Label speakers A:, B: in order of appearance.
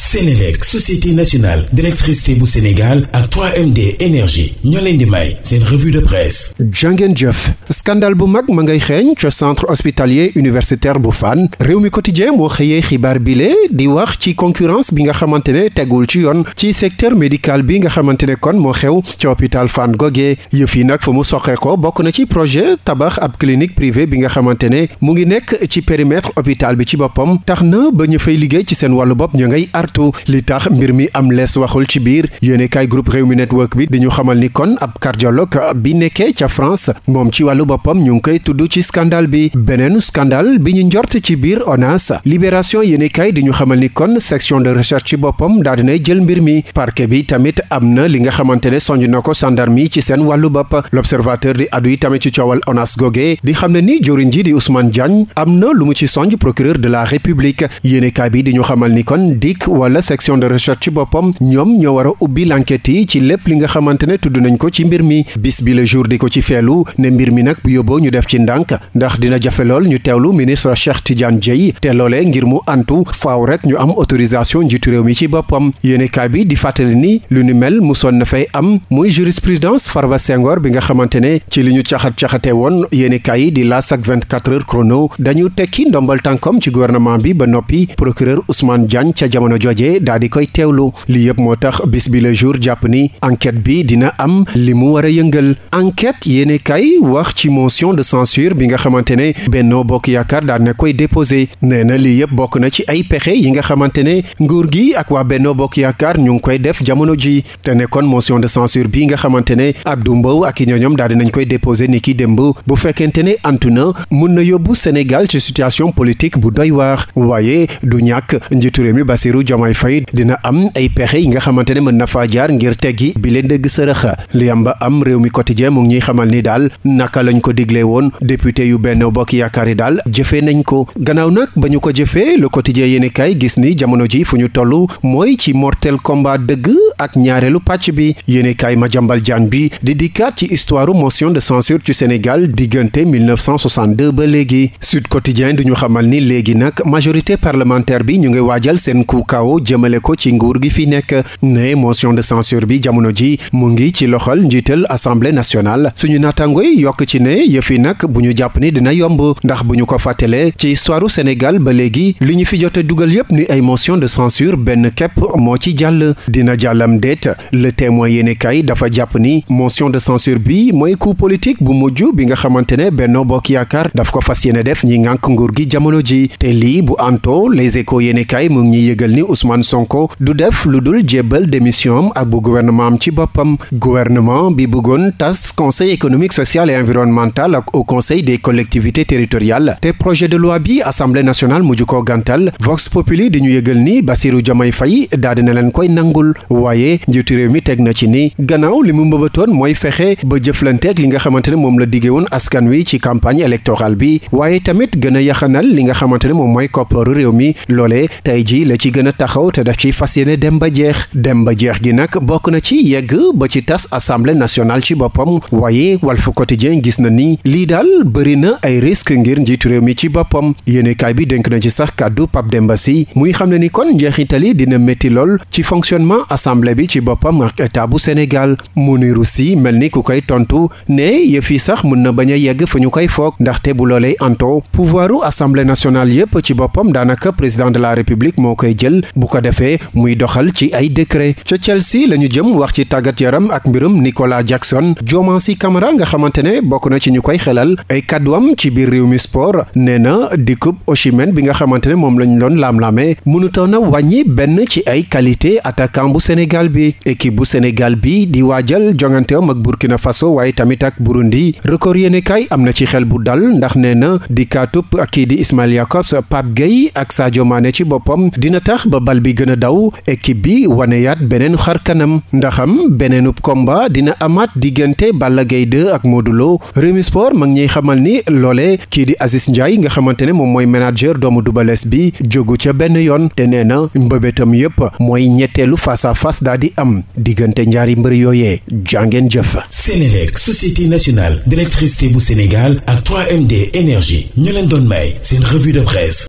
A: Sénélec société nationale d'électricité bu Sénégal ak 3 énergie ñoo leen di may seen revue de presse. jàngeen jëf scandale bu mag ma ngay xeeñ ca centre hospitalier universitaire bu Fann réew mi quotidien moo xëyee xibaar bile di wax ci concurrence bi nga xamante ne tegul ci yoon ci secteur médical bi nga xamante ne kon moo xew ca hôpital Fann goge yëf yi nag fa mu soqee ko bokk na ci projet tabax ab clinique privée bi nga xamante ne mu ngi nekk ci périmètre hôpital bi ci boppam tax na ba ñu fay liggéey ci seen wàllu bopp ña ngay ar artu li tax mbir mi am lees waxul ci biir yéene kaay groupe réew mi network bi di ñu xamal ni kon ab cardiologue bi nekkee ca France moom ci wàllu boppam ñu ngi koy tudd ci scandale bi beneen scandale bi ñu njort ci biir ONAS libération yéene kaay di ñu xamal ni kon section de recherche ci boppam daal dinay jël mbir mi parquet bi tamit am na li nga xamante ne sonj na ko gendarme yi ci seen wàllu bopp l'observateur di addu yi tamit ci coowal ONAS goge di xam ne ni jëwriñ ji di Ousmane Diagne am na lu mu ci sonj procureur de la République yéene kaay bi di wala section de recherche ci boppam ñoom ñoo war a ubbi l'enquête yi ci lépp li nga xamante tudd nañ ko ci mbir mi bis bi le jour di ko ci feelu ne mbir mi nag bu yóbboo ñu def ci ndànk ndax dina jafe lool ñu teewlu ministre Cheikh Tidiane Dieye te loolee ngir mu antu faaw rek ñu am autorisation njiitu réew mi ci boppam yéenekaay bi di fàttali ni lu ni mel musoon na fay am muy jurisprudence Farba Senghor bi nga xamante ne ci li ñu caxat-caxate woon yéenekaay di laas ak 24 heures chrono dañu tekki ndombal bi jamono jooje daal di koy teewlu li yëpp moo tax bis bi la jour jàpp ni enquête bi dina am li mu war a yëngal enquête yéene wax ci motion de censure bi nga xamante ne Benno Bokk Yaakaar daan na koy déposé nee na lii yëpp bokk na ci ay pexe yi nga xamante ne nguur gi ak waa Benno Bokk Yaakaar ñu ngi koy def jamono ji te ne kon de censure bi nga xamante ne du Mbow ak i ñooñoom daal nañ koy déposé ni ki démb bu fekkente ne antu na mun na yóbbu Sénégal ci situation politique bu doy waar waaye du ñàkk njiitu réew mi Bassirou Diomaye Faye dina am ay pexe yi nga xamante ne mën na faa jaar ngir teggi bi leen dëgg sërëxa li am ba am réew mi quotidien mu ngi ñuy xamal ni daal naka lañ ko digle woon député yu benn Bokk Yaakaar yi daal jëfee nañ ko gannaaw nag ba ñu ko jëfee le quotidien yéeni kaay gis ni jamono ji fu ñu toll mooy ci mortel combat dëgg ak ñaareelu pàcc bi yéeni kaay ma jambal jaan bi di dikkaat ci histoire motion de censure ci Sénégal diggante 1962 ba léegi Sud Quotidien du ñu xamal ni léegi nag majorité parlementaire bi kaw jëmale ko ci nguur gi fi nekk ne motion de censure bi jamono ji mu ngi ci loxol njiital assemblée nationale suñu naataangoy yokk ci ne yëfi nag bu ñu jàpp ni dina yomb ndax bu ñu ko fàttalee ci histoire Sénégal ba léegi li ñu fi jote dugal yépp ni ay motion de censure benn képp moo ci jàll dina jàllam déet le témoin yéene kay dafa jàpp ni motion de censure bi mooy coup politique bu mujj bi nga xamante ne Benno Bokk Yaakaar daf ko fas yéene def ñi ngànk nguur gi jamono ji lii bu anto les échos yéene kay Ousmane Sonko du def lu dul jébbal démission am ak bu gouvernement am ci boppam gouvernement bi bëggoon tas conseil économique social et environnemental ak au conseil des collectivités territoriales te projet de loi bi assemblée nationale mujj ko gantal Vox Populi di ñu yëgal ni Bassirou Diomaye fay daal dina leen koy nangul waaye njiitu réew mi teg na ci ni gannaaw li mu mbëbatoon mooy fexe ba jëflanteeg li nga xamante ne moom la diggee woon askan wi ci campagne électorale bi waaye tamit gën a yaxanal li nga xamante ne moom mooy kopparu réew mi taxaw te daf ci fas yéene dem ba jeex dem ba jeex gi nag bokk na ci yegg ba ci tas assemblée nationale ci boppam waaye Walf Quotidien gis na ni lii daal bëri na ay risque ngir njiitu réew mi ci boppam yéenekaay bi dénk na ci sax kàddu Pape Demba Sy muy xam ne ni kon njeexitali dina métti lool ci fonctionnement assemblée bi ci boppam ak état bu Sénégal Mounirou Sy mel ni ku koy tontu ne yëf yi sax mën na bañ a yegg fa ñu koy foog ndaxte bu loolee anto pouvoiru assemblée nationale yépp ci boppam daanaka président de la république moo koy jël bu ko defee muy doxal ci ay décret ca Chelsea la ñu jëm wax ci tàggat yaram ak mbirum Nicolas Jackson si Camara nga xamante ne bokk na ci ñu koy xelal ay kàdduwam ci biir réew mi sport nee na dikkub Osimhen bi nga xamante ne moom lañ doon laam-laamee mënutoon wàññi benn ci ay qualité attaquant bu Sénégal bi équipe bu Sénégal bi di waajal jonganteem ak Burkina Faso waaye tamit ak Burundi record yéene am na ci xel bu dal ndax nee na di kaatub ak kii di Ismail Jakobs Pape ak Sadio ci boppam ba bal bi gën a daw équipe bi waneyaat beneen xar kanam ndaxam beneenub komba dina amaat diggante Balla Gaye ak moo Lo Rewmi mag ñuy xamal ni loole kii di Aziz Ndiaye nga xamante ne moom mooy manager doomu dubales bi jógu ca benn yoon te nee na mbëbétam yépp mooy ñetteelu face à face di am diggante ñaari mbër yooyee jàngeen jëf Sénélec société nationale d'électricité bu Sénégal ak md énergie ñu leen doon may seen revue de presse